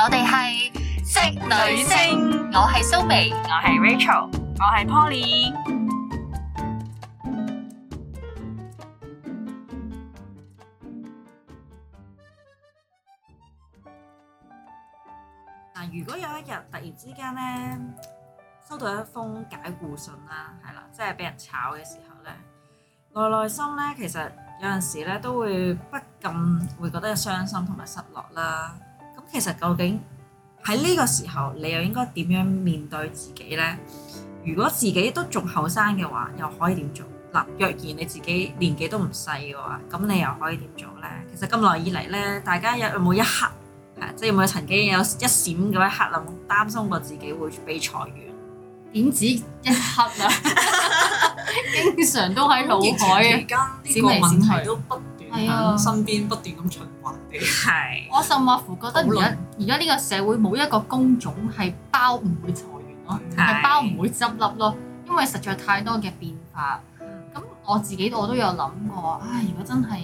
我哋係職女聲，我係蘇眉，我係 Rachel，我係 Poly。嗱，如果有一日突然之間咧收到一封解僱信啦，係啦，即係俾人炒嘅時候咧，內內心咧其實有陣時咧都會不禁會覺得傷心同埋失落啦。其實究竟喺呢個時候，你又應該點樣面對自己呢？如果自己都仲後生嘅話，又可以點做？嗱，若然你自己年紀都唔細嘅話，咁你又可以點做呢？其實咁耐以嚟呢，大家有冇一刻，即係有冇曾經有一閃嘅一刻諗擔心過自己會被裁員？點止一刻啊？經常都喺腦海之、啊、呢個問題都係啊，身邊不斷咁循環嘅。係是，我甚至乎覺得而家而家呢個社會冇一個工種係包唔會裁員咯，係是包唔會執笠咯，因為實在太多嘅變化。咁我自己我都有諗過，唉，如果真係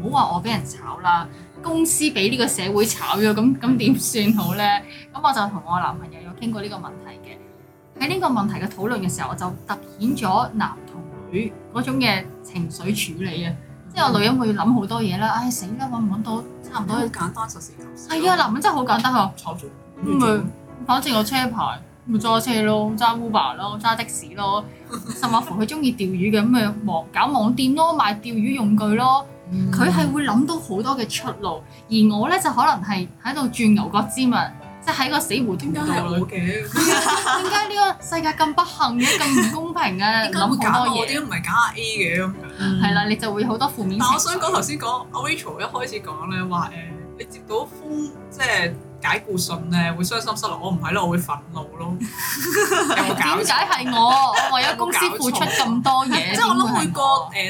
唔好話我俾人炒啦，公司俾呢個社會炒咗，咁咁點算好咧？咁 我就同我男朋友有傾過呢個問題嘅，喺呢個問題嘅討論嘅時候，我就突顯咗男同女嗰種嘅情緒處理啊。即係女人會諗好多嘢啦，唉、哎、死啦揾唔揾到？差唔多要簡單實事求是。係啊，男人真係好簡單啊，坐住，唔 係，反正個車牌咪揸車咯，揸 Uber 咯，揸的士咯， 甚或乎佢中意釣魚嘅咁咪忙搞網店咯，賣釣魚用具咯，佢係、嗯、會諗到好多嘅出路，而我咧就可能係喺度轉牛角尖呀。即係喺個死胡同，點解係我嘅？點解呢個世界咁不幸嘅、咁唔 公平嘅？諗好多嘢。點解唔搞我搞？點解唔係搞阿 A 嘅咁樣。係啦，你就會好多負面。但我想講頭先講，阿 Rachel 一開始講咧話誒，你接到封即係解雇信咧，會傷心失落。我唔係咯，我會憤怒咯。 有冇搞錯？點解係我？我為咗公司付出咁多嘢。即係 我諗每個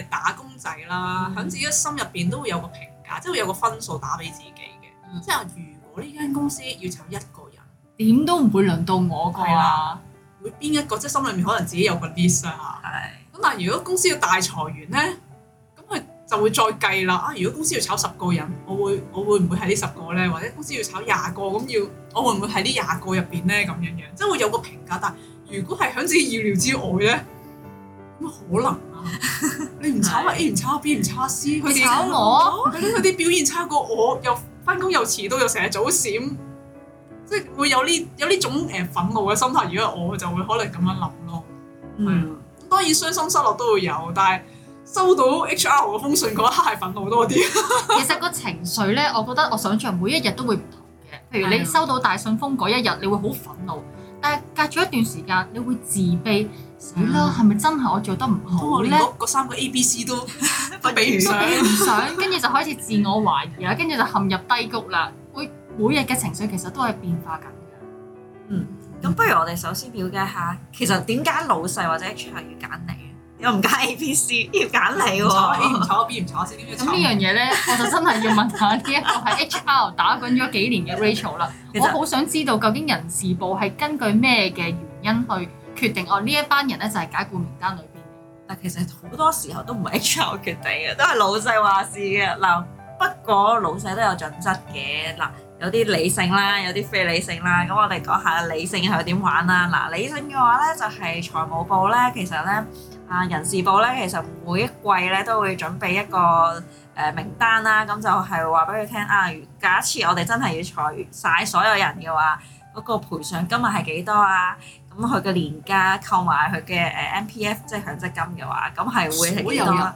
誒打工仔啦，喺、嗯、自己心入邊都會有個評價，即、就、係、是、會有個分數打俾自己嘅。即係、嗯我呢間公司要炒一個人，點都唔會輪到我噶，會邊一個即係心裏面可能自己有個 list 啊。係咁，但係如果公司要大裁員咧，咁佢就會再計啦。啊，如果公司要炒十個人，我會我會唔會喺呢十個咧？或者公司要炒廿個咁要，我會唔會喺呢廿個入邊咧？咁樣樣即係會有個評價。但係如果係響自己意料之外咧，咁可能啊？你唔炒 A，唔炒 B，唔炒 C，佢炒我，佢啲佢啲表現差過我又。翻工又遲到，又成日早閃，即係會有呢有呢種誒、呃、憤怒嘅心態。如果我，就會可能咁樣諗咯。嗯，當然傷心失落都會有，但係收到 HR 個封信嗰一刻係憤怒多啲。嗯、 其實個情緒咧，我覺得我想像每一日都會唔同嘅。譬如你收到大信封嗰一日，你會好憤怒，但係隔咗一段時間，你會自卑。係啦，係咪真係我做得唔好咧？嗰三個 A、B、C 都比唔上，跟住就開始自我懷疑啦，跟住就陷入低谷啦。會每日嘅情緒其實都係變化緊嘅。嗯，咁不如我哋首先了解下，其實點解老細或者 HR 要揀你嘅？又唔揀 A、B、C，要揀你喎？唔炒我邊唔炒我先。咁呢樣嘢咧，我就真係要問下呢一個喺 HR 打滾咗幾年嘅 Rachel 啦。我好想知道究竟人事部係根據咩嘅原因去決定哦，呢一班人咧就係解僱名單裏邊嘅。但其實好多時候都唔係 HR 決定嘅，都係老細話事嘅。嗱，不過老細都有準則嘅。嗱，有啲理性啦，有啲非理性啦。咁我哋講下理性係點玩啦。嗱，理性嘅話咧就係、是、財務部咧，其實咧啊人事部咧，其實每一季咧都會準備一個誒名單啦。咁就係話俾佢聽啊。假設我哋真係要裁曬所有人嘅話，嗰、那個賠償金額係幾多啊？咁佢嘅年假購買佢嘅誒 M P F 即係強積金嘅話，咁係會係幾多？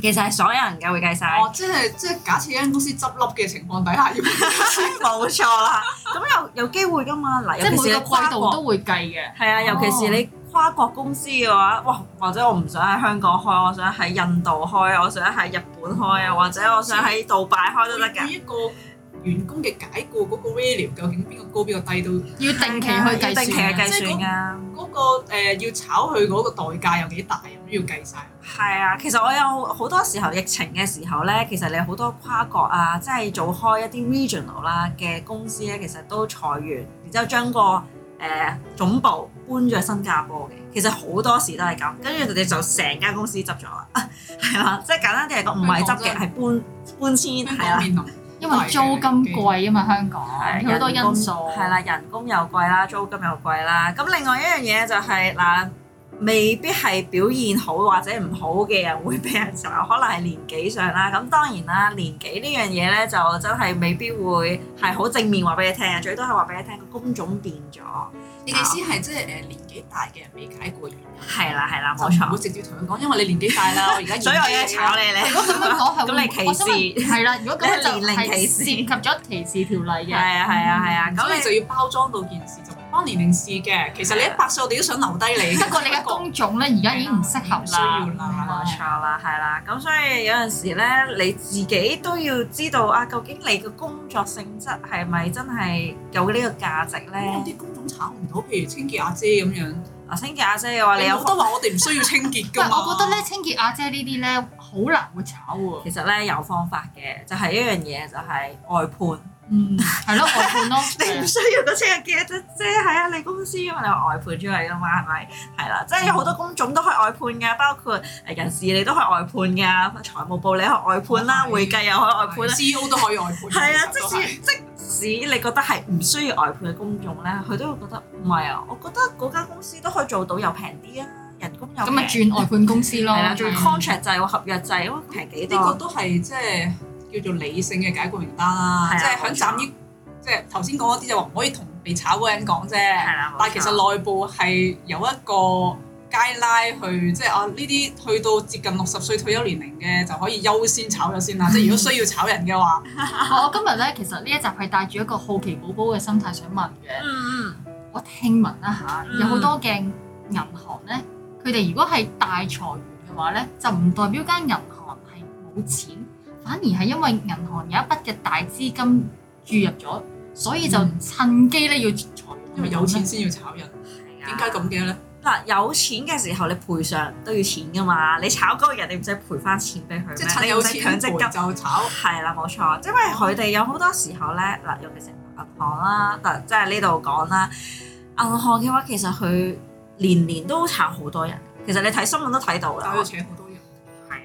其實係所有人嘅會計曬。哦，即係即係假設一間公司執笠嘅情況底下，要冇錯啦。咁有有機會噶嘛？嗱，即每個季度都會計嘅。係啊，尤其是你跨國公司嘅話，哇，或者我唔想喺香港開，我想喺印度開，我想喺日本開，或者我想喺杜拜開都得嘅。員工嘅解僱嗰、嗰個 ratio 究竟邊個高邊個低都要定期去計算，定期去計算啊！嗰、嗰個、嗰個呃、要炒佢嗰個代價有幾大都要計晒。係啊，其實我有好多時候疫情嘅時候咧，其實你好多跨國啊，即係做開一啲 regional 啦嘅公司咧，其實都裁員，然之後將個誒、呃、總部搬咗新加坡嘅。其實好多時都係咁，跟住佢哋就成間公司執咗啦。係啦，即係簡單啲嚟講，唔係執嘅係搬搬遷係啦。港了因為租金貴啊嘛，香港好多因素係啦，人工又貴啦，租金又貴啦，咁另外一樣嘢就係、是、嗱。未必係表現好或者唔好嘅人會俾人炒，可能係年紀上啦。咁當然啦，年紀呢樣嘢咧就真係未必會係好正面話俾你聽。最多係話俾你聽個工種變咗。你意思係即係誒年紀大嘅人未解雇完？係啦係啦冇錯。好直接同佢講，因為你年紀大啦，我而家要解雇你。所以我要炒你咧。如果咁樣係年齡歧視，係啦。如果咁樣就涉及咗歧視條例嘅。係啊係啊係啊，咁你就要包裝到件事。當年齡試嘅，其實你一百歲我哋都想留低你。不過 國你嘅工種咧，而家已經唔適合了需要啦。冇錯啦，係啦。咁所以有陣時咧，你自己都要知道啊，究竟你嘅工作性質係咪真係有呢個價值咧？啲工種炒唔到，譬如清潔阿姐咁樣。啊，清潔阿姐嘅話，你有好多話我哋唔需要清潔噶嘛？ 我覺得咧，清潔阿姐呢啲咧，好難會炒喎。其實咧，有方法嘅，就係、是、一樣嘢，就係、是、外判。嗯，係咯，外判咯， 你唔需要個簽約嘅啫，即係係啊，你公司因為你外判出嚟噶嘛，係咪？係啦，即係有好多工種都可以外判嘅，包括人事你都可以外判噶，財務部你可以外判啦，會計又可以外判啦 CEO 都可以外判。係啊，即使 即使你覺得係唔需要外判嘅工種咧，佢都會覺得唔係啊，我覺得嗰間公司都可以做到又平啲啊，人工又咁咪轉外判公司咯，用 contract 制喎，就係、合約制咁平幾啲， 個都係即係。 叫做理性嘅解雇名單啦，的即係喺站於即係頭先講嗰啲就話唔可以同被炒嗰個人講啫。但係其實內部係有一個 guideline 去，即係啊呢啲去到接近六十歲退休年齡嘅就可以優先炒咗先啦。嗯、即係如果需要炒人嘅話，嗯、 我今日咧其實呢一集係帶住一個好奇寶寶嘅心態想問嘅。嗯、我聽聞一下，有好多嘅銀行咧，佢哋如果係大裁員嘅話咧，就唔代表間銀行係冇錢。反而係因為銀行有一筆嘅大資金注入咗，所以就趁機咧要裁員、嗯、因為有錢先要炒人。係點解咁嘅咧？嗱、啊，有錢嘅時候你賠償都要錢噶嘛，你炒嗰個人你唔使賠翻錢俾佢即咩？即係你有錢就炒，係啦冇錯。因為佢哋有好多時候咧，嗱，尤其是銀行啦，嗱，即係呢度講啦，銀行嘅話其實佢年年都炒好多人。其實你睇新聞都睇到啦，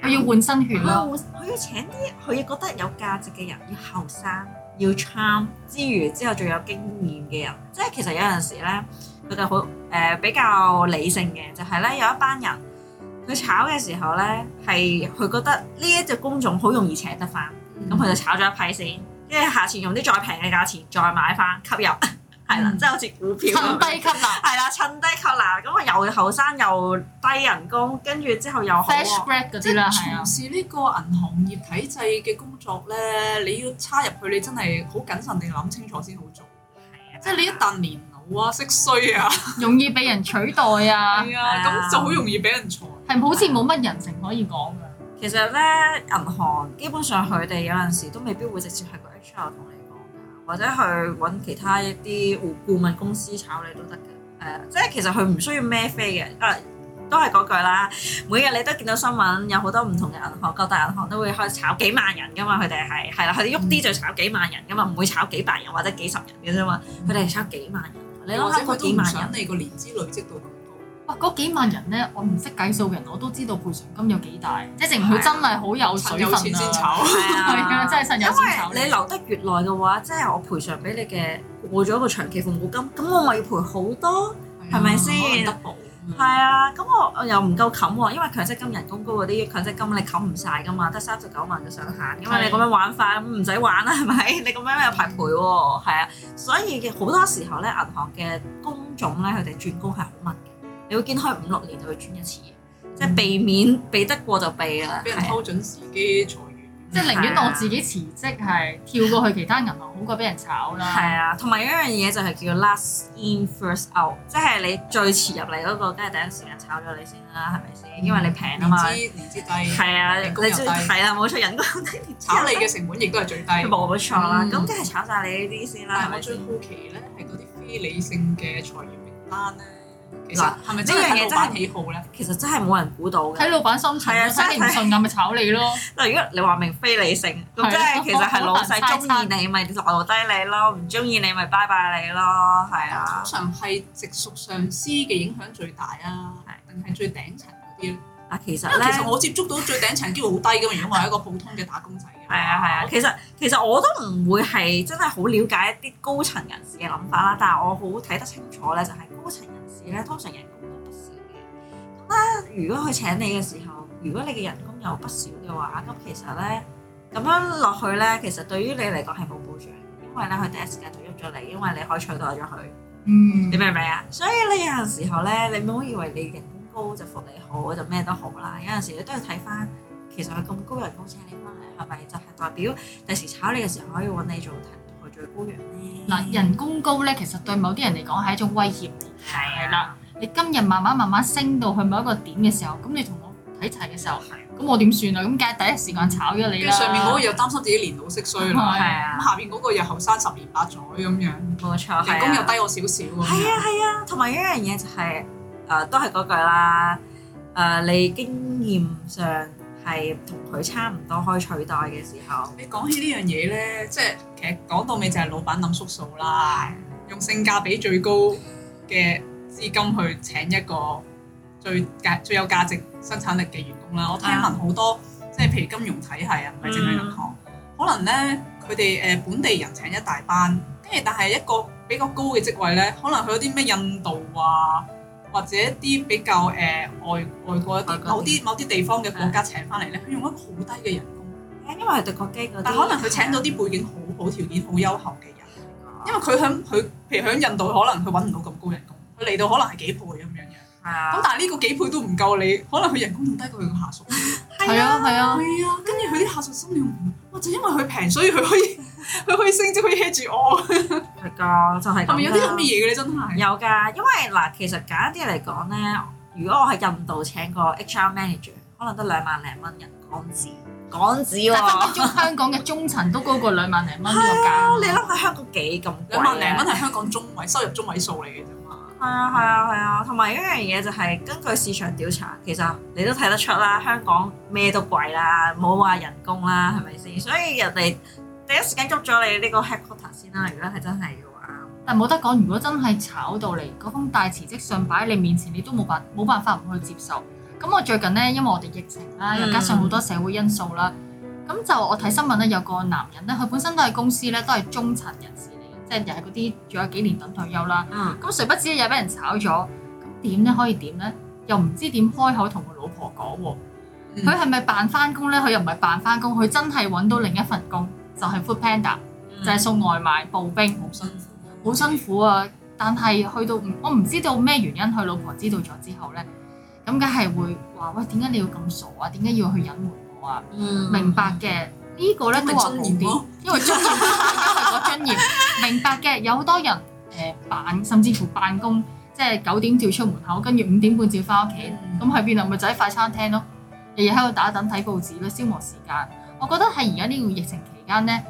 佢要換新血咯，佢要請啲，佢要覺得有價值嘅人，要後生，要 charm 之餘，之後仲有經驗嘅人，即係其實有陣時咧，佢就好誒、呃、比較理性嘅，就係、是、咧有一班人，佢炒嘅時候咧，係佢覺得呢一隻工種好容易請得翻，咁佢、嗯、就炒咗一批先，跟住下次用啲再平嘅價錢再買翻吸入。係即係好似股票，咁，係啦，趁低吸納啦。咁我又後生又低人工，跟住之後又學啊，即係，是呢個銀行業體制嘅工作咧，你要插入去，你真係好謹慎地諗清楚先好做。係啊，即係你一旦年老啊，識衰啊，容易被人取代啊，咁就好容易俾人裁。係咪？好似冇乜人情可以講㗎。其實咧，銀行基本上佢哋有陣時都未必會直接係個 HR 同或者去揾其他一啲顧顧問公司炒你都得嘅，誒、呃，即係其實佢唔需要咩飛嘅，啊、呃，都係嗰句啦。每日你都見到新聞，有好多唔同嘅銀行，各大銀行都會開炒幾萬人噶嘛，佢哋係係啦，佢哋喐啲就炒幾萬人噶嘛，唔會炒幾百人或者幾十人嘅啫嘛，佢哋係炒幾萬人。你諗下，嗰幾萬人你個年資累積到。 哇！嗰幾萬人咧，我唔識計數嘅人，我都知道賠償金有幾大，即係證明佢真係好有水份啊！真係有錢先炒，因為你留得越耐嘅話，即係我賠償俾你嘅，我做咗一個長期服務金，咁我咪要賠好多，係咪先？係啊，咁吧、啊、我又唔夠冚喎、啊，嗯、因為強積金人工高嗰啲強積金你冚唔晒噶嘛，得三十九萬就上限，是因咁你咁樣玩法唔使玩啦，係咪？你咁樣有排賠喎、啊，係啊，所以好多時候咧，銀行嘅工種咧，佢哋轉工係好密。要會見開五六年就會轉一次，即係避免避得過就避啦。俾人偷準時機裁員，係啊、即係寧願我自己辭職，係跳過去其他銀行，好過俾人炒啦。係啊，同埋一樣嘢就係叫 last in first out，即係你最遲入嚟嗰、嗰個，梗係第一時間炒咗你先啦，係咪先？嗯、因為你平啊嘛，知唔知低。係啊，你最係啊，冇錯，人工低，炒你嘅成本亦都係最低。冇錯、嗯、啦，咁梗係炒晒你呢啲先啦。我最好奇咧，係嗰啲非理性嘅裁員名單咧。嗱，係咪呢樣嘢真係幾好咧？其實真係冇人估到嘅。喺老闆心態，睇唔順眼咪炒你咯。嗱，如果你話明非理性，咁即係其實係老細中意你咪留低你咯，唔中意你咪拜拜你咯，係啊。通常係直屬上司嘅影響最大啊，定係最頂層嗰啲咧？其實咧，其實我接觸到最頂層機會好低噶嘛。如果我係一個普通嘅打工仔嘅話，係啊係啊。其實其實我都唔會係真係好了解一啲高層人士嘅諗法啦，但係我好睇得清楚咧，就係高層。而咧通常人工都不少嘅，咁、嗯、咧如果佢請你嘅時候，如果你嘅人工又不少嘅話，咁其實咧咁樣落去咧，其實對於你嚟講係冇保障，因為咧佢第一時間就喐咗你，因為你可以取代咗佢。嗯，你明唔明啊？所以你有陣時候咧，你唔好以為你人工高就福利好就咩都好啦。有陣時你都要睇返，其實佢咁高人工請你返嚟，係咪就係、是、代表第時炒你嘅時候可以搵你做嗱，人工高咧，其實對某啲人嚟講係一種威脅嚟嘅，係啦。你今日慢慢慢慢升到去某一個點嘅時候，咁你同我睇齊嘅時候，咁我點算啊？咁梗係第一時間炒咗你啦。跟住上面嗰個又擔心自己年老色衰啊嘛。咁下邊嗰個又後生十年八載咁樣，冇錯，人工又低我少少。係啊係啊，同埋一樣嘢就係，誒都係嗰句啦，誒你經驗上。係同佢差唔多可以取代嘅時候。你講起呢樣嘢呢，即係其實講到尾就係老闆諗縮數啦，嗯、用性價比最高嘅資金去請一個最價最有價值生產力嘅員工啦。嗯、我聽聞好多即係譬如金融體系啊，唔係淨係銀行，嗯、可能呢，佢哋誒本地人請一大班，跟住但係一個比較高嘅職位呢，可能佢有啲咩印度啊。或者一啲比較誒外、呃、外國一啲某啲某啲地方嘅國家請翻嚟咧，佢對用一個好低嘅人工，因為係德國基嗰但可能佢請到啲背景好、好條件好優厚嘅人，嗯、因為佢響佢譬如響印度可能佢揾唔到咁高人工，佢嚟到可能係幾倍咁樣嘅，咁、啊、但係呢個幾倍都唔夠你，可能佢人工仲低過佢嘅下屬，係啊係啊，係 啊，跟住佢啲下屬心理又唔，就因為佢平所以佢可以。 佢可以升，即可以 hit 住我。係噶，就係咁。係咪有啲咁嘅嘢嘅咧？真係有㗎，因為嗱，其實簡單啲嚟講咧，如果我喺印度請個 HR manager，可能得兩萬零蚊人港紙，港紙喎。但係香港嘅中層都高過兩萬零蚊呢個價。係啊，你諗下香港幾咁貴？兩萬零蚊係香港中位收入中位數嚟嘅啫嘛。係啊，係啊，係啊，同埋有一樣嘢就係根據市場調查，其實你都睇得出啦，香港咩都貴啦，冇話人工啦，係咪先？所以人哋。第一時間捉咗你呢個 Harry Potter 先啦，啊，如果係真係嘅話，但係冇得講。如果真係炒到你嗰封大辭職信擺喺你面前，你都冇辦冇辦法唔去接受。咁我最近咧，因為我哋疫情啦，又加上好多社會因素啦，咁、嗯、就我睇新聞咧，有個男人咧，佢本身都係公司咧，都係中層人士嚟嘅，即係又係嗰啲仲有幾年等退休啦。咁、嗯、誰不知又俾人炒咗，咁點咧可以點咧？又唔知點開口同佢老婆講喎。佢係咪扮返工咧？佢又唔係扮返工，佢真係揾到另一份工。就係 food panda，就係送外賣、步兵，好辛苦好辛苦啊！但係去到我唔知道咩原因，佢老婆知道咗之後咧，咁梗係會話喂，點解你要咁傻啊？點解要去隱瞞我啊？明白嘅。呢個咧都話步兵，因為尊嚴，因為個尊嚴。明白嘅，有好多人誒辦甚至乎辦公，即係九點就要出門口，跟住五點半就要翻屋企，咁喺邊啊？咪就喺快餐廳咯，日日喺度打等睇報紙咯，消磨時間。我覺得係而家呢個疫情間咧，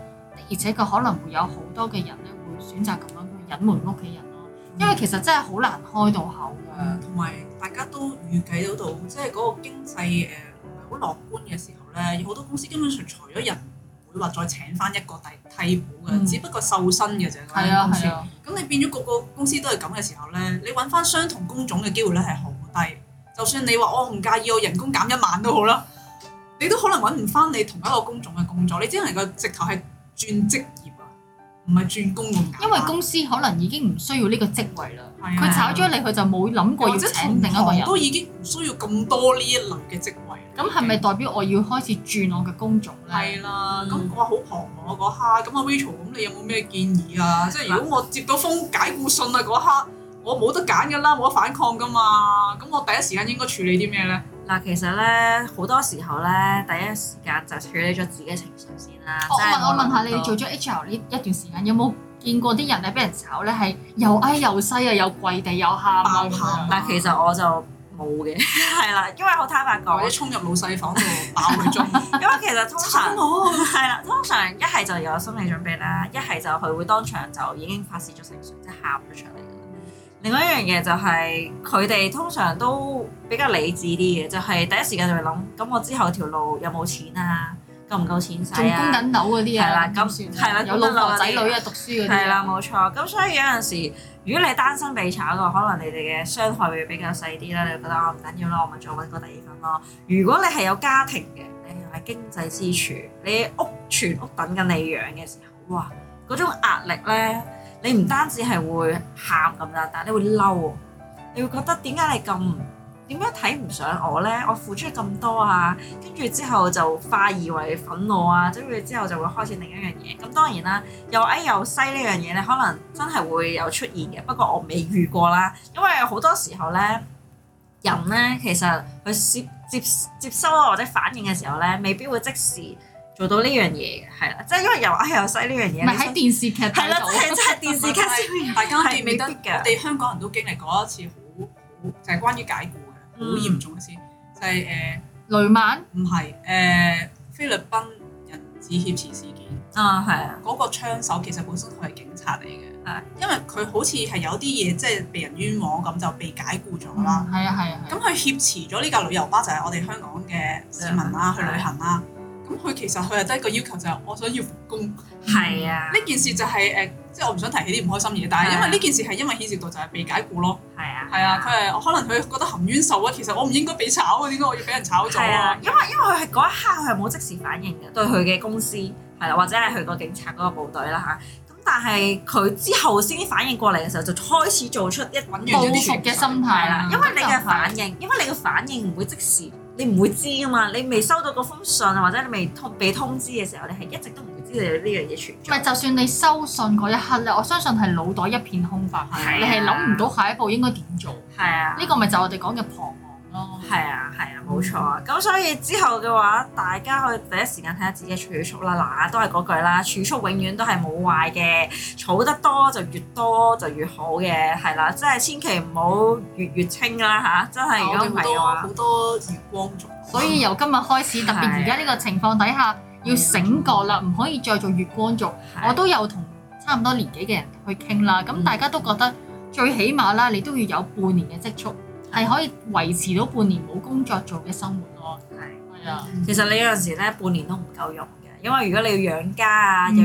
而且佢可能會有好多嘅人咧，會選擇咁樣去隱瞞屋企人咯。因為其實真係好難開到口嘅。同埋、嗯、大家都預計到到，即係嗰個經濟誒唔係好樂觀嘅時候咧，好多公司根本上除咗人，會話再請翻一個替替補嘅，嗯、只不過瘦身嘅啫。係啊係啊。咁、啊、你變咗個個公司都係咁嘅時候咧，你揾翻相同工種嘅機會咧係好低。就算你話我唔介意我人工減一萬都好啦。你都可能揾唔翻你同一個工種嘅工作，你只能夠直頭係轉職業啊，唔係轉工咁簡單。因為公司可能已經唔需要呢個職位啦，佢炒咗你，佢就冇諗過要請另一個人。行都已經唔需要咁多呢一類嘅職位。咁係咪代表我要開始轉我嘅工種咧？係啦，咁、嗯嗯、我好彷徨，我嗰刻，咁阿 Rachel，咁你有冇咩建議啊？即係的如果我接到封解雇信啊嗰刻，我冇得揀㗎啦，冇得反抗㗎嘛。咁我第一時間應該處理啲咩咧？嗱，其實咧好多時候咧，第一時間就處理咗自己嘅情緒先啦。哦、我問我問下你做咗 HR 呢一段時間，有冇見過啲人咧，俾人炒咧係又矮又細啊，又跪地又喊，但係 其實我就冇嘅。係啦， 因為好坦白講，我衝入老細房度爆佢中。 因為其實通常係啦差點，通常一係就有心理準備啦，一係就佢會當場就已經發泄咗情緒，即係喊咗出嚟。另外一樣嘢就係佢哋通常都比較理智啲嘅，就係、是、第一時間就會諗，咁我之後條路有冇錢啊？夠唔夠錢使啊？供緊樓嗰啲啊？係啦，咁算。的」係啦，有老婆仔女啊，讀書嗰啲係啦，冇錯。咁所以有陣時，如果你單身被炒嘅話，可能你哋嘅傷害會比較細啲啦。你會覺得我唔、哦、緊要咯，我咪再揾個第二份咯。如果你係有家庭嘅，你又係經濟支柱，你屋全屋等緊你養嘅時候，哇，嗰種壓力咧～你唔單止係會喊咁啦，但係你會嬲，你會覺得點解你咁，點解睇唔上我咧？我付出咁多啊，跟住之後就化而為憤怒啊，跟住之後就會開始另一樣嘢。咁當然啦，又誒又西呢樣嘢咧，可能真係會有出現嘅。不過我未遇過啦，因為好多時候咧，人咧，其實佢接接接收或者反應嘅時候咧，未必會即時。做到呢樣嘢嘅係啦，即係因為又黑又細呢樣嘢。唔係喺電視劇，係啦，即係即係電視劇先，大家記唔記得嘅。我哋香港人都經歷過一次好好，就係關於解雇嘅，好嚴重嘅事。就係誒，雷曼唔係誒菲律賓人質挾持事件啊，係啊，嗰個槍手其實本身佢係警察嚟嘅，係因為佢好似係有啲嘢即係被人冤枉咁，就被解雇咗啦。係啊係啊，咁佢挾持咗呢架旅遊巴，就係我哋香港嘅市民啦，去旅行啦。咁佢其實佢又得一個要求就係我想要復工，係啊，呢、嗯、件事就係、是、誒，即、呃、係、就是、我唔想提起啲唔開心嘢，但係因為呢件事係因為顯示到就係被解雇咯，係啊，係啊，佢係、啊、可能佢覺得含冤受屈，其實我唔應該俾炒嘅，點解我要俾人炒咗？啊，因為因為佢係嗰一刻佢係冇即時反應嘅對佢嘅公司係啦、啊，或者係去個警察嗰個部隊啦嚇，咁、啊、但係佢之後先反應過嚟嘅時候，就開始做出一揾完咗啲嘅心態啦、啊啊，因為你嘅反應，嗯、因為你嘅反應唔會即時。你唔會知㗎嘛？你未收到嗰封信或者你未通俾通知嘅時候，你係一直都唔會知有呢樣嘢存在。唔係，就算你收信嗰一刻咧，我相信係腦袋一片空白，係、啊、你係諗唔到下一步應該點做。係啊，呢個咪就我哋講嘅破。哦，係啊，係啊，冇錯啊。咁、嗯、所以之後嘅話，大家可以第一時間睇下自己嘅儲蓄啦。嗱，都係嗰句啦，儲蓄永遠都係冇壞嘅，儲得多就越多就越好嘅，係啦、啊。真係千祈唔好月月清啦、啊、吓，真係、嗯、如果唔係嘅話，好多月光族。所以由今日開始，啊、特別而家呢個情況底下，要醒覺啦，唔、啊、可以再做月光族。啊、我都有同差唔多年紀嘅人去傾啦，咁、啊嗯、大家都覺得最起碼啦，你都要有半年嘅積蓄。係可以維持到半年冇工作做嘅生活咯，係，係啊。其實你有陣時咧半年都唔夠用嘅，因為如果你要養家啊，又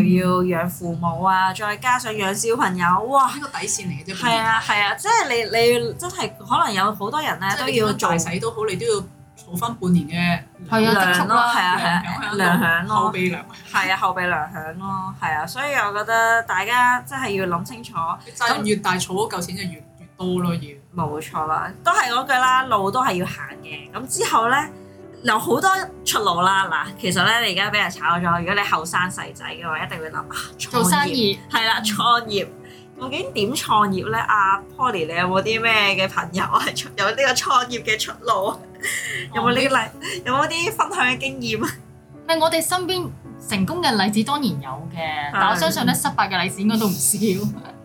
要養父母啊，再加上養小朋友，哇！呢個底線嚟嘅啫。係啊係啊，即係你你真係可能有好多人咧都要再洗都好，你都要儲翻半年嘅糧咯，係啊係啊，糧餉咯，後備糧，係啊後備糧餉咯，係啊，所以我覺得大家真係要諗清楚，咁越大儲嗰嚿錢就越。冇、嗯、錯啦，都係嗰句啦，路都係要行嘅。咁之後咧，有好多出路啦。嗱，其實咧，你而家俾人炒咗，如果你後生細仔嘅話，一定會諗啊，做生意係啦，創業究竟點創業咧？阿、啊、Polly，你有冇啲咩嘅朋友係有呢個創業嘅出路？啊、 有冇呢個例？啊、 有冇啲分享嘅經驗？唔係、嗯，我哋身邊成功嘅例子當然有嘅，但我相信咧，失敗嘅例子應該都唔少。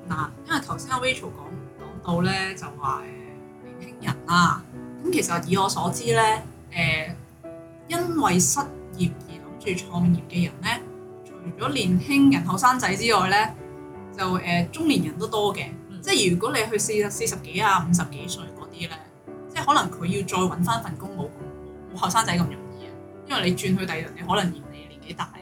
嗱，因為頭先阿 Rachel 講。到咧就話年輕人啦、啊，咁其實以我所知咧，誒、呃、因為失業而諗住創業嘅人咧，除咗年輕人、後生仔之外咧，就誒、呃、中年人都多嘅，嗯、即係如果你去四十、四十幾啊、五十幾歲嗰啲咧，即係可能佢要再搵返份工冇冇後生仔咁容易啊，因為你轉去第二輪，你可能嫌你年紀大啦。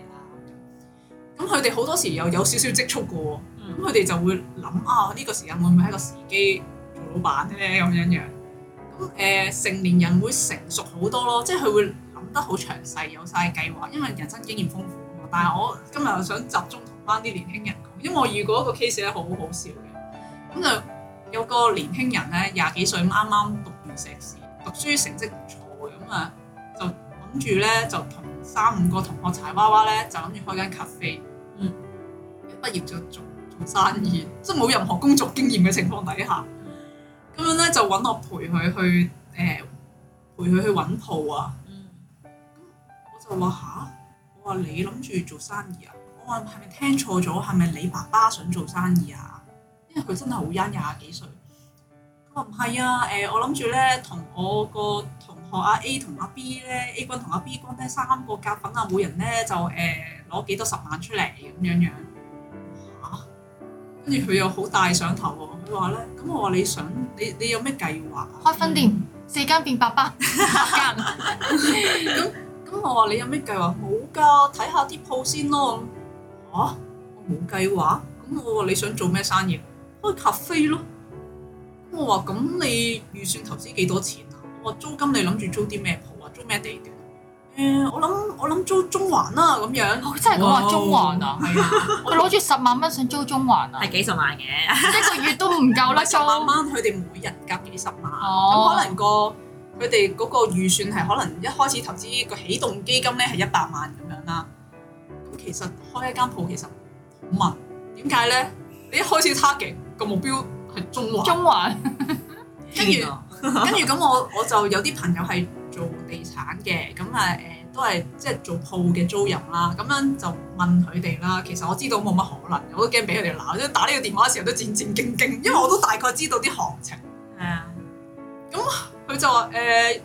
咁佢哋好多時又有，有少少積蓄嘅。咁佢哋就會諗啊，呢個時間會唔會係一個時機做老闆咧？咁樣樣。咁，誒，成年人會成熟好多咯，即係佢會諗得好詳細，有晒計劃，因為人生經驗豐富嘛。但係我今日想集中同翻啲年輕人講，因為我遇過一個 case 咧，好好笑嘅，咁就有個年輕人咧，廿幾歲啱啱讀完碩士，讀書成績唔錯嘅，咁啊就諗住咧，就同三五個同學柴娃娃咧，就諗住開間咖啡，嗯，一畢業就做。生意即係冇任何工作經驗嘅情況底下，咁樣咧就揾我陪佢去，誒、呃、陪佢去揾鋪啊。咁、嗯、我就話吓，我話你諗住做生意啊？我話係咪聽錯咗？係咪你爸爸想做生意啊？因為佢真係好後生廿幾歲。佢話唔係啊，誒、呃、我諗住咧同我個同學阿 A 同阿 B 咧，A 君同阿 B 君咧，三個夾份啊，每人咧就誒攞幾多十萬出嚟咁樣樣。跟住佢又好大想頭喎，佢話咧，咁我話你想，你你有咩計劃啊？開分店，四間、嗯、變八八間。咁咁 我話你有咩計劃？冇㗎、啊，睇下啲鋪先咯。嚇、啊？我冇計劃。咁我話你想做咩生意？開咖啡咯。咁我話咁你預算投資幾多錢啊？我話租金你諗住租啲咩鋪啊？租咩地點？誒、嗯，我諗我諗租中環啦咁樣，我真係講話中環啊！我攞住十萬蚊想租中環啊，係幾十萬嘅， 一個月都唔夠啦！十萬蚊佢哋每人夾幾十萬，咁、哦、可能個佢哋嗰個預算係可能一開始投資個起動基金咧係一百萬咁樣啦。咁其實開一間鋪其實好難，點解咧？你一開始 target 個目標係中環，跟住跟住咁我我就有啲朋友係做地產嘅，咁啊誒，都係即係做鋪嘅租賃啦。咁樣就問佢哋啦。其實我知道冇乜可能，我都驚俾佢哋鬧。即打呢個電話嘅時候都戰戰兢兢，因為我都大概知道啲行情。係咁佢就話誒、呃，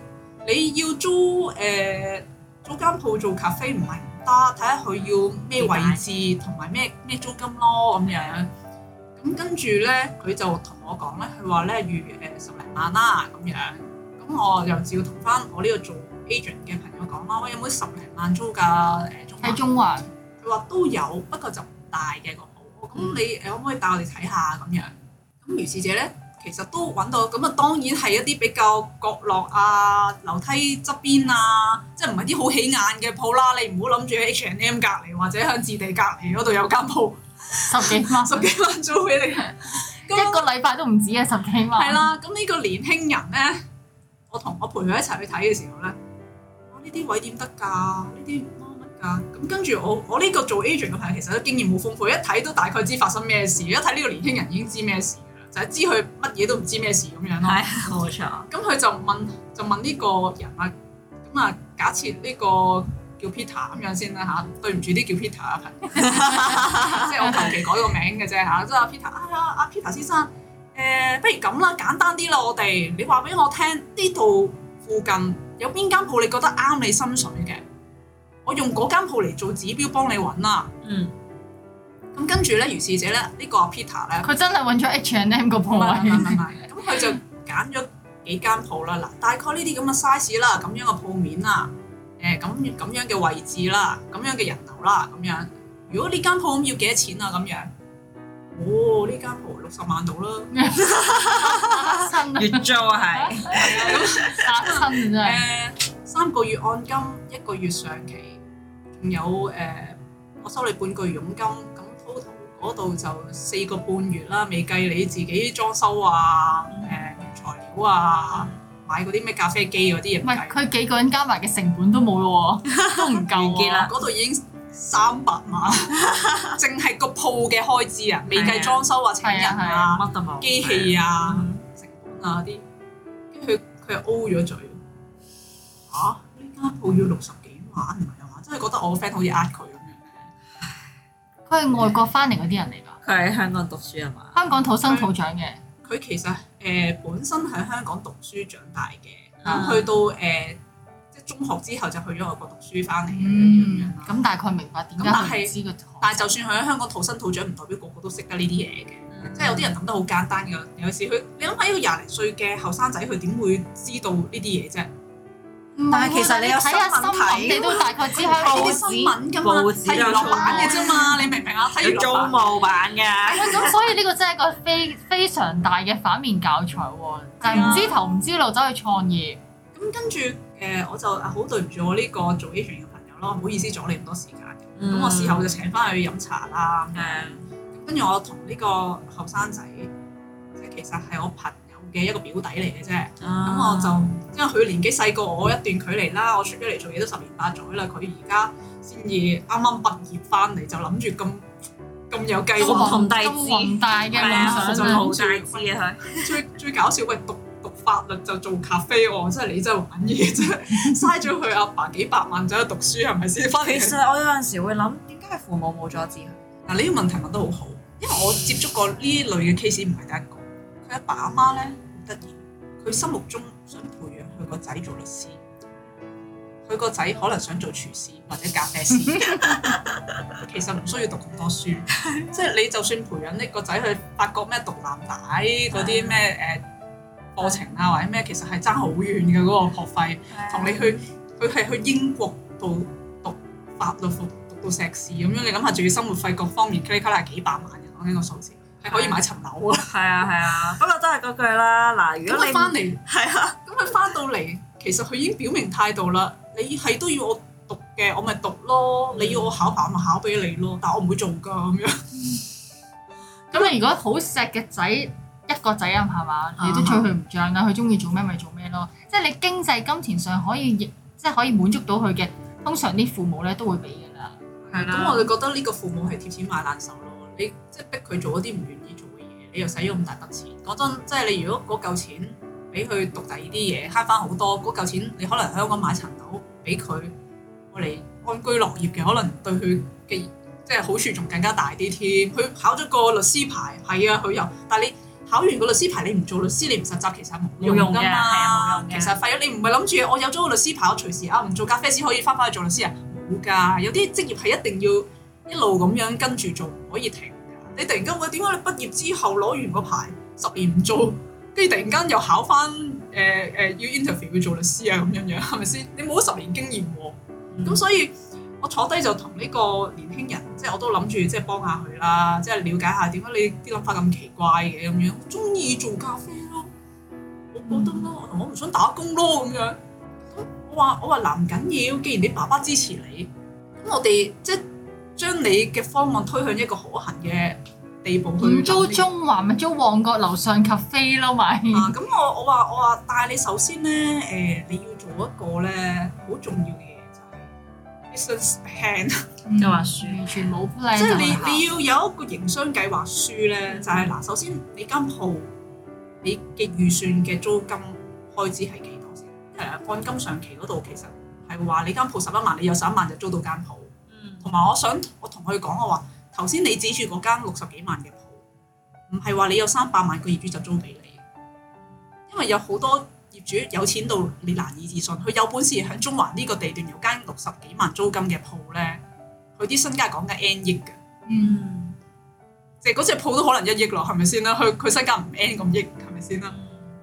你要租誒、呃、租間鋪做咖啡唔係唔得，睇下佢要咩位置同埋咩咩租金咯咁樣。咁跟住咧，佢就同我講咧，佢話咧預誒十零萬啦咁樣。咁我又照同翻我呢個做 agent 嘅朋友講啦，有冇十零萬租㗎？誒、呃、喺中環，佢話都有，可不過就唔大嘅個鋪。咁你誒可唔可以帶我哋睇下咁樣？咁如是者咧，其實都揾到咁啊。就當然係一啲比較角落啊、樓梯側邊啊，即係唔係啲好起眼嘅鋪啦。你唔好諗住喺 H and M 隔離或者喺置地隔離嗰度有間鋪十幾萬， 十幾萬租俾你，一個禮拜都唔止啊，十幾萬。係啦、啊，咁呢個年輕人咧。我同我陪佢一齊去睇嘅時候咧，我呢啲位點得㗎？呢啲乜乜㗎？咁跟住我，我呢個做 agent 嘅朋友其實都經驗好豐富，一睇都大概知發生咩事，一睇呢個年輕人已經知咩事㗎啦，就係知佢乜嘢都唔知咩事咁樣咯。係，冇錯。咁佢就問就問呢個人啦，咁啊假設呢個叫 Peter 咁樣先啦嚇，對唔住啲叫 Peter 啊朋友，即 係我求其改個名嘅啫嚇，即係 Peter，啊啊，啊 Peter 先生。誒、呃，不如咁啦，簡單啲啦，我哋，你話俾我聽，呢度附近有邊間鋪，你覺得啱你心水嘅，我用嗰間鋪嚟做指標幫你揾啦、啊。嗯，咁跟住咧，如是者咧，呢、呢個 Peter 咧，佢真係揾咗 H and M 個鋪位，咁佢、嗯嗯嗯嗯嗯、就揀咗幾間鋪 啦。嗱，大概呢啲咁嘅 size 啦，咁樣嘅鋪面啊，誒，咁咁樣嘅位置啦，咁樣嘅人流啦，咁樣，如果呢間鋪要幾多錢啊？咁樣。哦，呢間鋪六十萬到啦，新月租係係啊，咁新嘅三個月按金，一個月上期，仲有誒、呃、我收你半個月佣金，咁 total 嗰度就四個半月啦，未計你自己裝修啊誒、嗯呃、材料啊，嗯、買嗰啲咩咖啡機嗰啲嘢。唔係佢幾個人加埋嘅成本都冇咯，都唔夠嘅、啊。嗰度 已經。三百萬，淨係個鋪嘅開支啊，未 計裝修啊、 請人啊、乜啊嘛、機器啊、成、嗯、本啊啲，跟住佢佢又 O 咗嘴，吓、啊？呢間鋪要六十幾萬唔係啊嘛，真係覺得我個 friend 好似呃佢咁樣。佢係外國翻嚟嗰啲人嚟㗎，佢喺 香港讀書啊嘛？ 香港土生土長嘅，佢其實誒、呃、本身喺香港讀書長大嘅，咁去到誒。呃 中學之後就去咗外國讀書翻嚟咁大概明白點解。但係，就算佢喺香港土生土長，唔代表個個都識得呢啲嘢嘅。即係有啲人諗得好簡單嘅有時，佢你諗下呢個廿零歲嘅後生仔，佢點會知道呢啲嘢啫？但係其實你有新聞睇，你都大概知香港新聞嘅嘛，係娛樂版嘅啫嘛。你明唔明啊？係做模版嘅。咁所以呢個真係一個非非常大嘅反面教材喎，唔知頭唔知路走去創業，咁跟住。誒，我就好對唔住我呢個做 agent 嘅朋友咯，唔好意思阻你咁多時間。咁、嗯、我事後就請翻佢去飲茶啦咁樣。跟住、嗯、我同呢個後生仔，即係其實係我朋友嘅一個表弟嚟嘅啫。咁、嗯、我就因為佢年紀細過我一段距離啦，我出咗嚟做嘢都十年八載啦，佢而家先至啱啱畢業翻嚟，就諗住咁咁有計咁咁宏大嘅夢想做嘢。最最搞笑嘅讀法律就做咖啡喎，真係你真係玩嘢啫，嘥咗佢阿爸幾百萬在讀書係咪先？ 是是其實我有陣時會諗，點解父母冇阻止嗱？呢個問題問得好好，因為我接觸過呢類嘅 case 唔係第一個。佢阿爸阿媽咧，得意佢心目中想培養佢個仔做律師，佢個仔可能想做廚師或者咖啡師， 其實唔需要讀咁多書。即 係你就算培養呢個仔去發覺咩獨立帶嗰啲咩誒？ 課程啊，或者咩，其實係爭好遠嘅嗰、那個學費，的同你去佢係去,去英國度讀法律學讀,讀到碩士咁樣，你諗下仲要生活費各方面，加起來幾百萬人。我、這、呢個數字係的可以買層樓啊。係啊係啊，不過都係嗰句啦。嗱，如果你翻嚟係啊，咁佢翻到嚟，其實佢已經表明態度啦。你係都要我讀嘅，我咪讀咯。你要我考牌，咪考俾你咯。但我唔會做㗎咁樣。咁、嗯、 你如果好錫嘅仔？一個仔啊，係嘛？你都催佢唔漲啦，佢中意做咩咪做咩咯。即係你經濟金錢上可以，即係可以滿足到佢嘅，通常啲父母咧都會俾噶啦。咁是的 我就覺得呢個父母係貼錢買難受咯。你即係逼佢做一啲唔願意做嘅嘢，你又使咗咁大筆錢。講真，即係你如果嗰嚿錢俾佢讀第二啲嘢，慳翻好多。嗰嚿錢你可能喺香港買層樓俾佢，我嚟安居樂業嘅，可能對佢嘅即係好處仲更加大啲添。佢考咗個律師牌，係啊，佢又，但係你。考完個律師牌，你唔做律師，你唔實習，其實冇用噶，係啊，冇用嘅。其實廢咗，你唔係諗住我有咗個律師牌，我隨時啊，唔做咖啡師可以翻返去做律師啊，冇噶。有啲職業係一定要一路咁樣跟住做，唔可以停。你突然間會點解你畢業之後攞完個牌十年唔做，跟住突然間又考翻誒誒要 interview 要做律師啊咁樣樣係咪先？你冇咗十年經驗，咁、嗯、所以。我坐低就同呢個年輕人，即係我都諗住即係幫下佢啦，即係了解下點解你啲諗法咁奇怪嘅，咁樣，中意做咖啡咯，我覺得咯，我唔想打工咯咁樣。我話我話嗱，唔緊要，既然你爸爸支持你，咁我哋即係將你嘅方案推向一個可行嘅地步去。唔租中環咪租旺角樓上咖啡咯，咪、啊？咁我我話我話，但係你首先咧，誒你要做一個咧好重要嘅。嗯、就話完全冇，即係你你要有一個營商計劃書咧，嗯、就係、是、嗱，首先你間鋪，你嘅預算嘅租金開支係幾多先？誒、嗯，按金上期嗰度其實係話你間鋪十一萬，你有十一萬就租到間鋪同埋、嗯、我想我同佢講我話，頭先你指住嗰間六十幾萬嘅鋪，唔係話你有三百萬個業主就租俾你，因為有好多。主，有錢到你難以置信，佢有本事喺中環呢個地段有間六十幾萬租金嘅鋪咧，佢啲身家講緊 N 億嘅，嗯，即係嗰隻鋪都可能一億咯，係咪先啦？佢佢身家唔 N 咁億，係咪先啦？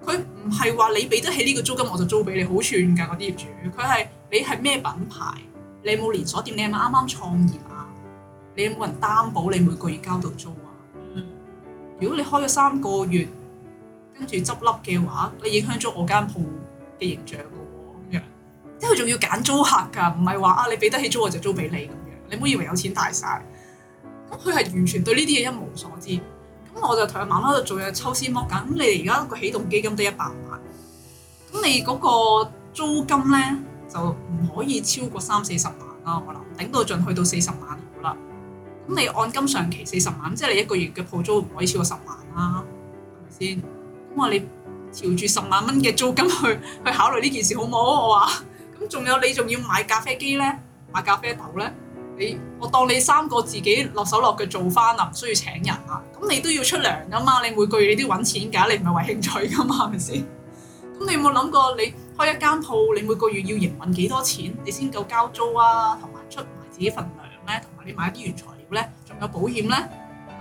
佢唔係話你俾得起呢個租金我就租俾你，好串㗎嗰啲業主，佢係你係咩品牌？你冇連鎖店，你係咪啱啱創業啊？你有冇人擔保你每個月交到租啊？如果你開咗三個月，跟住執笠嘅話，你影響咗我間鋪嘅形象嘅喎，咁樣即係佢仲要揀租客㗎，唔係話啊你俾得起租我就租俾你咁樣。你唔好以為有錢大晒，咁佢係完全對呢啲嘢一無所知。咁我就同佢慢慢喺度做嘢，抽絲剝繭。咁你而家個起動基金都一百萬，咁你嗰個租金咧就唔可以超過三四十萬啦。我諗頂到盡去到四十萬好啦。咁你按金上期四十萬，即係你一個月嘅鋪租唔可以超過十萬啦，係咪先？我話你朝住十萬蚊嘅租金去去考慮呢件事好唔好？我話咁仲有你仲要買咖啡機咧，買咖啡豆咧，你我當你三個自己落手落腳做翻啊，唔需要請人啊。咁你都要出糧噶嘛？你每個月你都要揾錢㗎，你唔係為興趣㗎嘛？係咪先？咁你有冇諗過你開一間鋪，你每個月要營運幾多錢，你先夠交租啊，同埋出埋自己份糧咧，同埋你買啲原材料咧，仲有保險咧，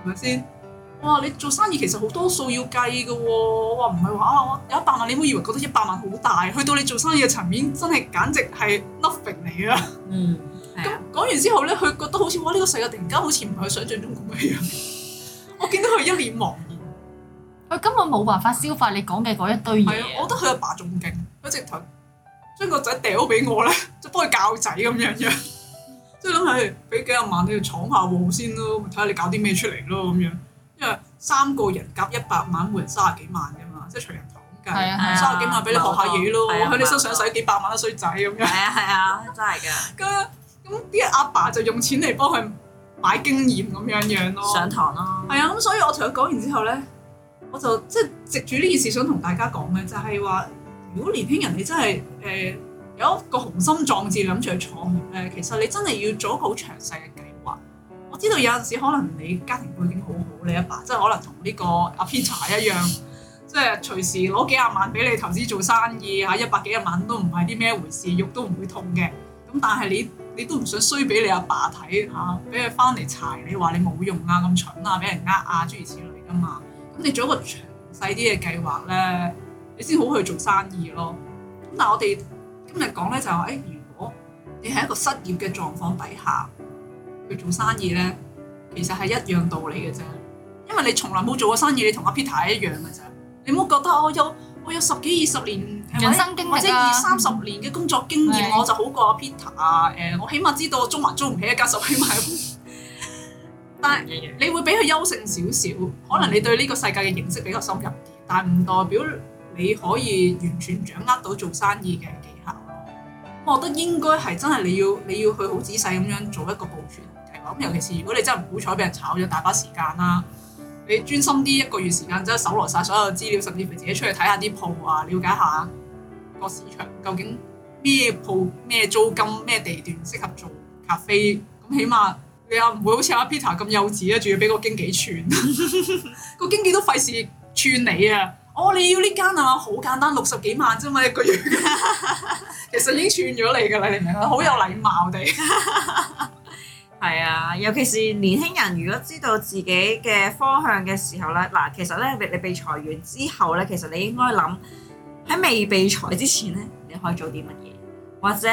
係咪先？我話你做生意其實好多數要計噶、哦。我話唔係話啊，有一百萬你唔好以為覺得一百萬好大，去到你做生意嘅層面真係簡直係 nothing 嚟噶。嗯，咁講完之後咧，佢覺得好似哇，呢、這個世界突然間好似唔係佢想象中咁樣。 我見到佢一臉茫然，佢根本冇辦法消化你講嘅嗰一堆嘢、啊。我覺得佢阿爸仲勁，直 一直同將個仔掉俾我咧，就幫佢教仔咁樣樣。即係諗係俾幾廿萬你要闖下鑊先咯，睇下你搞啲咩出嚟咯咁樣。即係三個人夾一百萬，每人三十幾萬㗎嘛，即係隨人堂㗎、啊、三十幾萬俾你學下嘢咯，喺、啊、你身上使幾百萬都衰仔咁樣。係啊係啊，真係嘅。咁咁啲阿爸就用錢嚟幫佢買經驗咁樣樣咯，上堂咯。係啊，咁、啊、所以我同佢講完之後咧，我就即係、就是、藉住呢件事想同大家講嘅就係、是、話，如果年輕人你真係誒、呃、有一個雄心壯志諗住去創業咧，其實你真係要做一個好詳細嘅計劃。我知道有陣時可能你家庭背景好。你阿爸,爸即係可能同呢個阿 Peter 一樣， 即係隨時攞幾廿萬俾你投資做生意嚇，一百幾廿萬都唔係啲咩回事，肉都唔會痛嘅。咁但係你你都唔想衰俾你阿爸睇嚇，俾佢翻嚟查你，話你冇用啊，咁蠢啊，俾人呃啊，諸如此類噶嘛。咁你做一個詳細啲嘅計劃咧，你先好去做生意咯。咁但係我哋今日講咧就係話誒、欸，如果你喺一個失業嘅狀況底下去做生意咧，其實係一樣道理嘅啫。因為你從來冇做過生意，你同阿 Peter 一樣嘅啫。你唔好覺得我有我有十幾二十年人生經歷、啊、或者二三十年嘅工作經驗，嗯、我就好過阿 Peter 啊。誒，我起碼知道中環租唔起一間十平方米。但係你會比佢優勝少少，可能你對呢個世界嘅認識比較深入啲，但係唔代表你可以完全掌握到做生意嘅技巧。我覺得應該係真係你要你要去好仔細咁樣做一個保存計劃。咁尤其是如果你真係唔好彩俾人炒咗大把時間啦。你專心啲一，一個月時間，真係搜羅晒所有資料，甚至乎自己出去睇下啲鋪啊，了解下個市場，究竟咩鋪咩租金咩地段適合做咖啡。咁起碼你又唔會好似阿 Peter 咁幼稚啊，仲要俾個經紀串，個 經紀都費事串你啊！哦，你要呢間啊，好簡單，六十幾萬啫嘛一個月，啊， 其實已經串咗你㗎啦，你明唔明？好有禮貌哋。 係啊，尤其是年輕人，如果知道自己嘅方向嘅時候咧，嗱，其實咧你被裁完之後咧，其實你應該諗喺未被裁之前咧，你可以做啲乜嘢，或者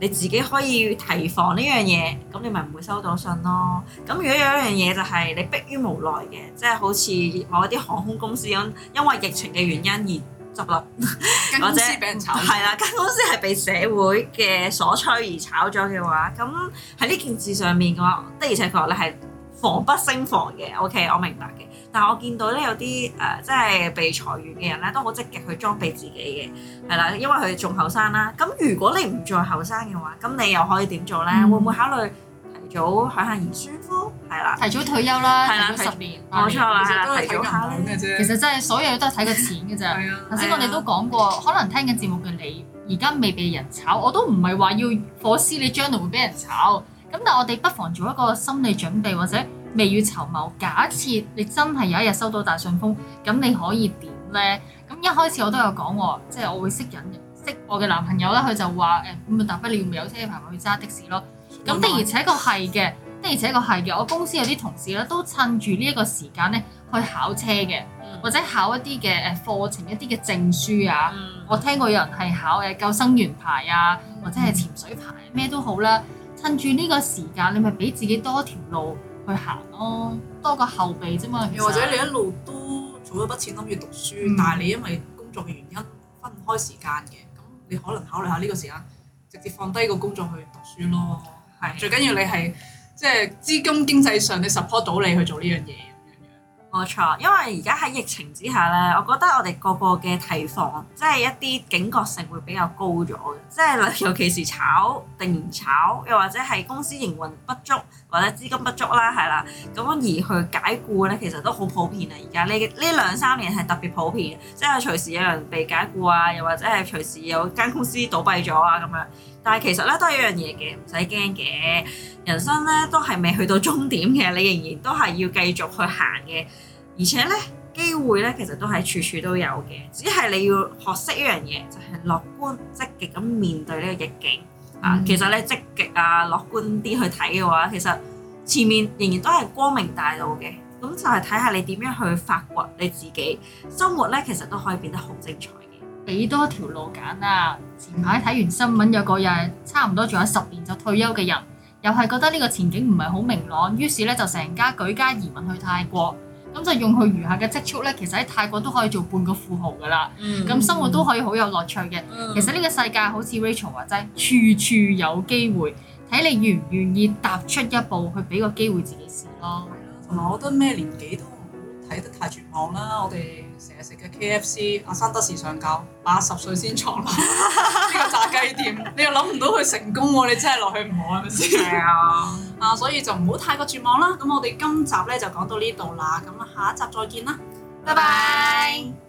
你自己可以提防呢樣嘢，咁你咪唔會收到信咯。咁如果有一樣嘢就係你迫於無奈嘅，即係好似某一啲航空公司咁，因為疫情嘅原因而執笠， 或者係啦，間公司係被,、啊、被社會嘅所催而炒咗嘅話，咁喺呢件事上面嘅話，的而且確你係防不勝防嘅。OK，我明白嘅。但係我見到咧有啲誒，即、呃、係被裁員嘅人咧，都好積極去裝備自己嘅，係啦、mm hmm. 啊，因為佢仲後生啦。咁如果你唔再後生嘅話，咁你又可以點做咧？會唔會考慮？Hmm. 早享下賢，舒福，係啦，提早退休啦，了提早十年，冇了來錯啦，係提早唔滿嘅啫。其實真係所有嘢都係睇個錢嘅啫。頭先 了我哋都講過，哎、呀可能聽緊節目嘅你而家未被人炒，我都唔係話要火師，你將來會俾人炒。咁但係我哋不妨做一個心理準備，或者未雨綢繆，假設你真係有一日收到大信封，咁你可以點咧？咁一開始我都有講喎，即係我會識人，識我嘅男朋友啦，佢就話誒，咁啊大不了咪有車牌去揸的士咯。咁，的而且確係嘅，的而且確係嘅。我公司有啲同事咧，都趁住呢一個時間咧去考車嘅，或者考一啲嘅誒課程、一啲嘅證書啊。嗯、我聽過有人係考誒救生員牌啊，或者係潛水牌，咩都好啦。趁住呢個時間，你咪俾自己多一條路去行咯、啊，多個後備啫嘛。又或者你一路都做咗筆錢諗住讀書，嗯、但係你因為工作嘅原因分唔開時間嘅，咁你可能考慮下呢個時間直接放低個工作去讀書咯。係，最緊要你係即係資金經濟上你 support 到你去做呢樣嘢。冇錯，因為而家喺疫情之下咧，我覺得我哋個個嘅提防，即係一啲警覺性會比較高咗嘅。即係尤其是炒突然炒，又或者係公司營運不足或者資金不足啦，係啦，咁而去解僱咧，其實都好普遍啊！而家呢呢兩三年係特別普遍，即係隨時有人被解僱啊，又或者係隨時有間公司倒閉咗啊咁樣。但係其實咧都係一樣嘢嘅，唔使驚嘅。人生咧都係未去到終點嘅，你仍然都係要繼續去行嘅。而且咧機會咧其實都係處處都有嘅，只係你要學識一樣嘢，就係、是、樂觀積極咁面對呢個逆境、嗯、啊。其實你積極啊樂觀啲去睇嘅話，其實前面仍然都係光明大道嘅。咁就係睇下你點樣去發掘你自己生活咧，其實都可以變得好精彩。幾多條路揀啊！前排睇完新聞，有個人，差唔多仲有十年就退休嘅人，又係覺得呢個前景唔係好明朗，於是咧就成家舉家移民去泰國，咁就用佢餘下嘅積蓄咧，其實喺泰國都可以做半個富豪噶啦，咁、嗯、生活都可以好有樂趣嘅。嗯、其實呢個世界好似 Rachel 話齋，處處有機會，睇你願唔願意踏出一步去俾個機會自己試咯。同埋、嗯嗯嗯、我覺得咩年紀都唔好睇得太絕望啦，我哋。成日食嘅 K F C，阿山德士上校，八十歲先坐落。呢個炸雞店， 你又諗唔到佢成功喎、啊，你真係落去唔好係咪先？係啊 啊，所以就唔好太過絕望啦。咁我哋今集咧就講到呢度啦，咁下一集再見啦，拜拜 bye。Bye bye。